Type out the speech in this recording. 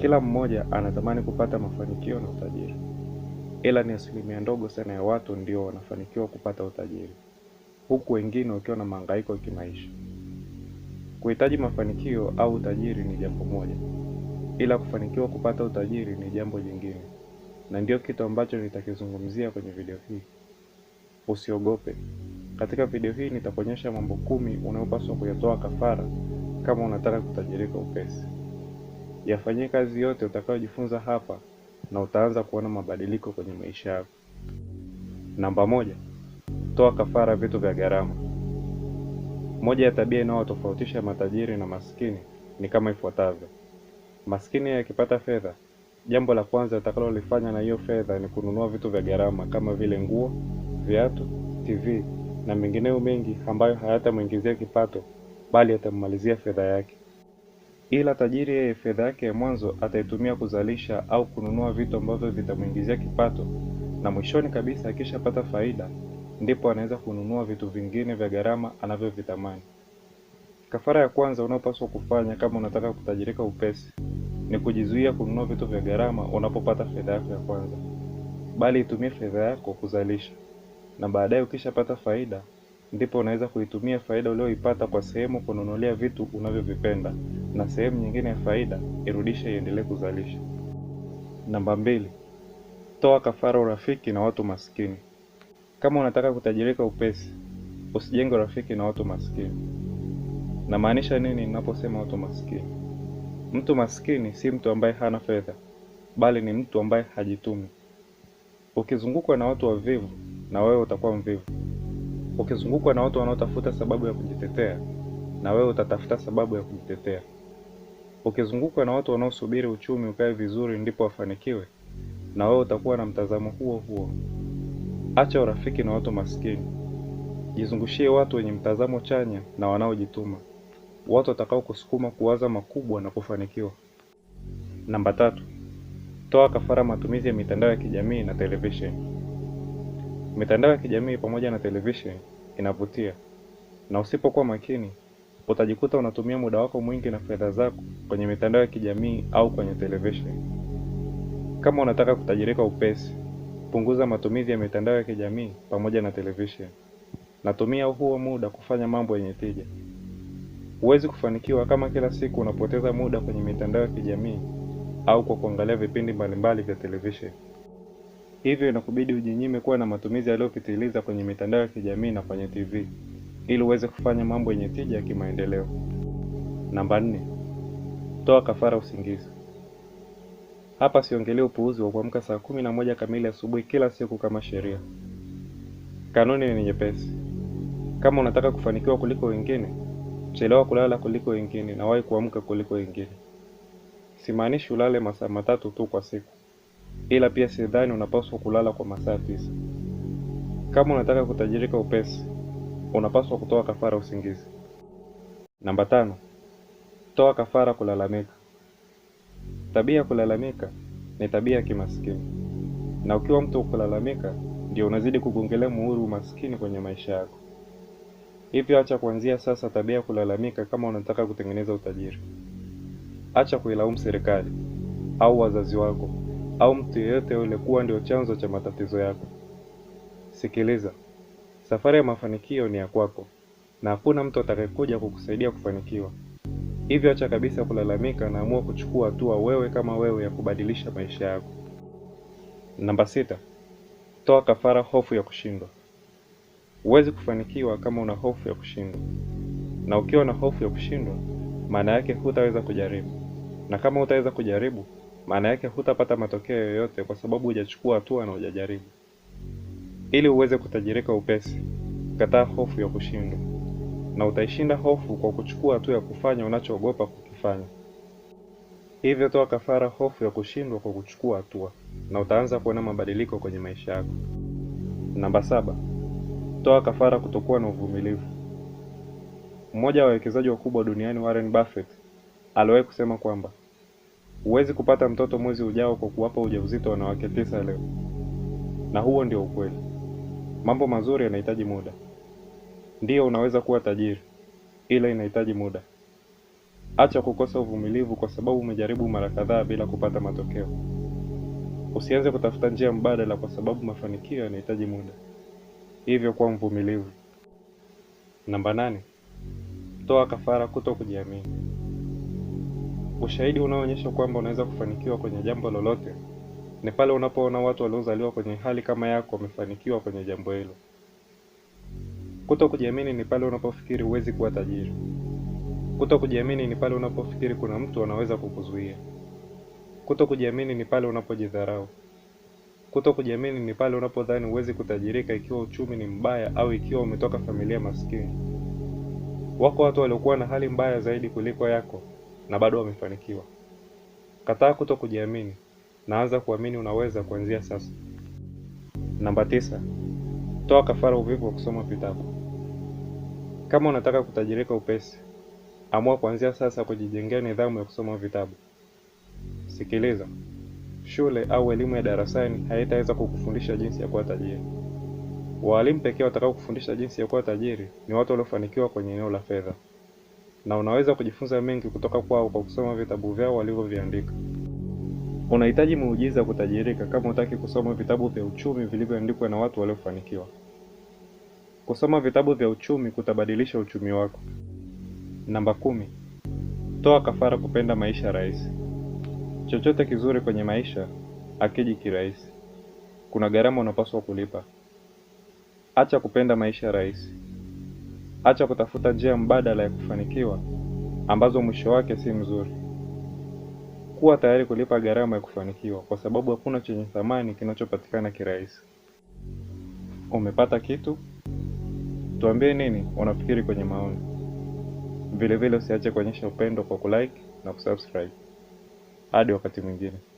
Kila mmoja anatamani kupata mafanikio na utajiri, ila ni asilimia ndogo sana ya watu ndio wanafanikiwa kupata utajiri, huku wengine wakiwa na mahangaiko ya kimaisha. Kuhitaji mafanikio au utajiri ni jambo moja, ila kufanikiwa kupata utajiri ni jambo jingine, na ndio kitu ambacho nitakizungumzia kwenye video hii. Usiogope. Katika video hii nitakuonyesha mambo kumi unayopaswa kuyatoa kafara kama unataka kutajirika upesi. Yafanyie kazi yote utakayojifunza hapa na utaanza kuona mabadiliko kwenye maisha yako. Namba moja, toa kafara vitu vya gharama. Moja ya tabia inayotofautisha matajiri na maskini ni kama ifuatavyo: maskini akipata fedha, jambo la kwanza atakalolifanya na hiyo fedha ni kununua vitu vya gharama kama vile nguo, viatu, TV na mengineyo mengi ambayo hayatamwingizia kipato bali yatammalizia fedha yake ila tajiri yeye fedha yake ya mwanzo ataitumia kuzalisha au kununua vitu ambavyo vitamwingizia kipato, na mwishoni kabisa akishapata faida ndipo anaweza kununua vitu vingine vya gharama anavyovitamani. Kafara ya kwanza unaopaswa kufanya kama unataka kutajirika upesi ni kujizuia kununua vitu vya gharama unapopata fedha yako ya kwanza, bali itumie fedha yako kuzalisha, na baadaye ukishapata faida ndipo unaweza kuitumia faida ulioipata kwa sehemu kununulia vitu unavyovipenda na sehemu nyingine ya faida irudishe iendelee kuzalisha. Namba mbili, toa kafara urafiki na watu maskini. Kama unataka kutajirika upesi, usijenge urafiki na watu maskini. Namaanisha nini ninaposema watu maskini? Mtu maskini si mtu ambaye hana fedha, bali ni mtu ambaye hajitumi. Ukizungukwa na watu wavivu, na wewe utakuwa mvivu. Ukizungukwa na watu wanaotafuta sababu ya kujitetea, na wewe utatafuta sababu ya kujitetea ukizungukwa na watu wanaosubiri uchumi ukae vizuri ndipo wafanikiwe, na wewe utakuwa na mtazamo huo huo. Acha urafiki na watu maskini, jizungushie watu wenye mtazamo chanya na wanaojituma, watu watakao kusukuma kuwaza makubwa na kufanikiwa. Namba tatu, toa kafara matumizi ya mitandao ya kijamii na televisheni. Mitandao ya kijamii pamoja na televisheni inavutia, na usipokuwa makini utajikuta unatumia muda wako mwingi na fedha zako kwenye mitandao ya kijamii au kwenye televisheni. Kama unataka kutajirika upesi, punguza matumizi ya mitandao ya kijamii pamoja na televisheni. Natumia huo muda kufanya mambo yenye tija. Huwezi kufanikiwa kama kila siku unapoteza muda kwenye mitandao ya kijamii au kwa kuangalia vipindi mbalimbali vya televisheni. Hivyo inakubidi ujinyime kuwa na matumizi yaliyopitiliza kwenye mitandao ya kijamii na kwenye TV ili uweze kufanya mambo yenye tija ya kimaendeleo. Namba nne, toa kafara usingizi. Hapa siongelee upuuzi wa kuamka saa kumi na moja kamili asubuhi kila siku kama sheria. Kanuni ni nyepesi. Kama unataka kufanikiwa kuliko wengine, chelewa kulala kuliko wengine na wahi kuamka kuliko wengine. Simaanishi ulale masaa matatu tu kwa siku, ila pia sidhani unapaswa kulala kwa masaa tisa. Kama unataka kutajirika upesi, unapaswa kutoa kafara usingizi. Namba tano, toa kafara kulalamika. Tabia ya kulalamika ni tabia ya kimaskini, na ukiwa mtu kulalamika ndio unazidi kugongelea muhuri umaskini kwenye maisha yako. Hivyo acha kuanzia sasa tabia ya kulalamika kama unataka kutengeneza utajiri. Acha kuilaumu serikali au wazazi wako au mtu yeyote yule kuwa ndio chanzo cha matatizo yako. Sikiliza, Safari ya mafanikio ni ya kwako na hakuna mtu atakayekuja kukusaidia kufanikiwa. Hivyo acha kabisa kulalamika na amua kuchukua hatua wewe kama wewe ya kubadilisha maisha yako. Namba sita, toa kafara hofu ya kushindwa. Huwezi kufanikiwa kama una hofu ya kushindwa, na ukiwa na hofu ya kushindwa, maana yake hutaweza kujaribu, na kama hutaweza kujaribu, maana yake hutapata matokeo yoyote, kwa sababu hujachukua hatua na hujajaribu ili uweze kutajirika upesi. Kataa hofu ya kushindwa, na utaishinda hofu kwa kuchukua hatua ya kufanya unachoogopa kukifanya. Hivyo toa kafara hofu ya kushindwa kwa kuchukua hatua, na utaanza kuona mabadiliko kwenye maisha yako. Namba saba, toa kafara kutokuwa na uvumilivu. Mmoja wa wawekezaji wakubwa duniani Warren Buffett aliwahi kusema kwamba huwezi kupata mtoto mwezi ujao kwa kuwapa ujauzito wanawake tisa leo, na huo ndio ukweli. Mambo mazuri yanahitaji muda. Ndiyo, unaweza kuwa tajiri, ila inahitaji muda. Acha kukosa uvumilivu kwa sababu umejaribu mara kadhaa bila kupata matokeo. Usianze kutafuta njia mbadala kwa sababu mafanikio yanahitaji muda, hivyo kuwa mvumilivu. Namba nane, toa kafara kuto kujiamini. Ushahidi unaoonyesha kwamba unaweza kufanikiwa kwenye jambo lolote ni pale unapoona watu waliozaliwa kwenye hali kama yako wamefanikiwa kwenye jambo hilo. Kuto kujiamini ni pale unapofikiri huwezi kuwa tajiri. Kuto kujiamini ni pale unapofikiri kuna mtu anaweza kukuzuia. Kuto kujiamini ni pale unapojidharau. Kuto kujiamini ni pale unapodhani huwezi kutajirika ikiwa uchumi ni mbaya au ikiwa umetoka familia maskini. Wako watu waliokuwa na hali mbaya zaidi kuliko yako na bado wamefanikiwa. Kataa kuto kujiamini naanza kuamini unaweza kuanzia sasa. Namba tisa, toa kafara uvivu wa kusoma vitabu. Kama unataka kutajirika upesi, amua kuanzia sasa kujijengea nidhamu ya kusoma vitabu. Sikiliza, shule au elimu ya darasani haitaweza kukufundisha jinsi ya kuwa tajiri. Waalimu pekee watakao kufundisha jinsi ya kuwa tajiri ni watu waliofanikiwa kwenye eneo la fedha, na unaweza kujifunza mengi kutoka kwao kwa kusoma vitabu vyao walivyoviandika. Unahitaji muujiza kutajirika kama utaki kusoma vitabu vya uchumi vilivyoandikwa na watu waliofanikiwa. Kusoma vitabu vya uchumi kutabadilisha uchumi wako. Namba kumi. Toa kafara kupenda maisha rahisi. Chochote kizuri kwenye maisha akiji kirahisi. Kuna gharama unapaswa kulipa. Acha kupenda maisha rahisi. Acha kutafuta njia mbadala ya kufanikiwa ambazo mwisho wake si mzuri. Kuwa tayari kulipa gharama ya kufanikiwa, kwa sababu hakuna chenye thamani kinachopatikana kirahisi. Umepata kitu? Tuambie nini unafikiri kwenye maoni. Vilevile usiache kuonyesha upendo kwa kulike na kusubscribe. Hadi wakati mwingine.